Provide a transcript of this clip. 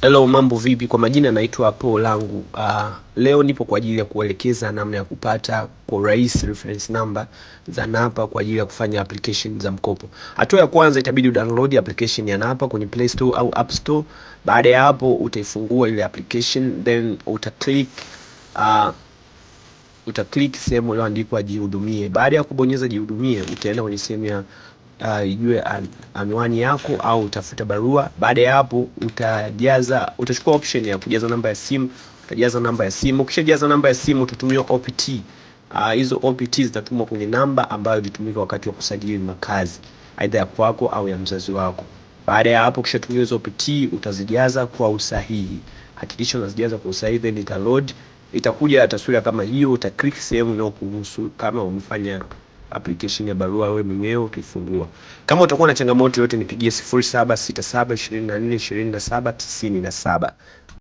Hello, mambo vipi? Kwa majina naitwa Paul Langu. Uh, leo nipo kwa ajili ya kuelekeza namna ya kupata kwa urahisi reference number za NaPA kwa ajili ya kufanya application za mkopo. Hatua ya kwanza itabidi udownload application ya NaPA kwenye Play Store au App Store. Baada ya hapo utaifungua ile application then uta click uh, uta click sehemu iliyoandikwa jihudumie. Baada ya kubonyeza jihudumie, utaenda kwenye sehemu ya uh, anwani yako au utafuta barua. Baada ya hapo, utajaza utachukua option ya kujaza namba ya simu, utajaza namba ya simu. Ukishajaza namba ya simu, utatumia OPT. Ah, hizo uh, OPT zitatumwa kwenye namba ambayo ilitumika wakati wa kusajili makazi, aidha ya kwako au ya mzazi wako. Baada ya hapo, ukishatumia hizo OPT utazijaza kwa usahihi. Hakikisha unazijaza kwa usahihi, then ita load. Itakuja taswira kama hiyo, uta click sehemu inayokuhusu kama umefanya application ya barua wewe mwenyewe ukifungua. Kama utakuwa na changamoto yote nipigie 0767242797.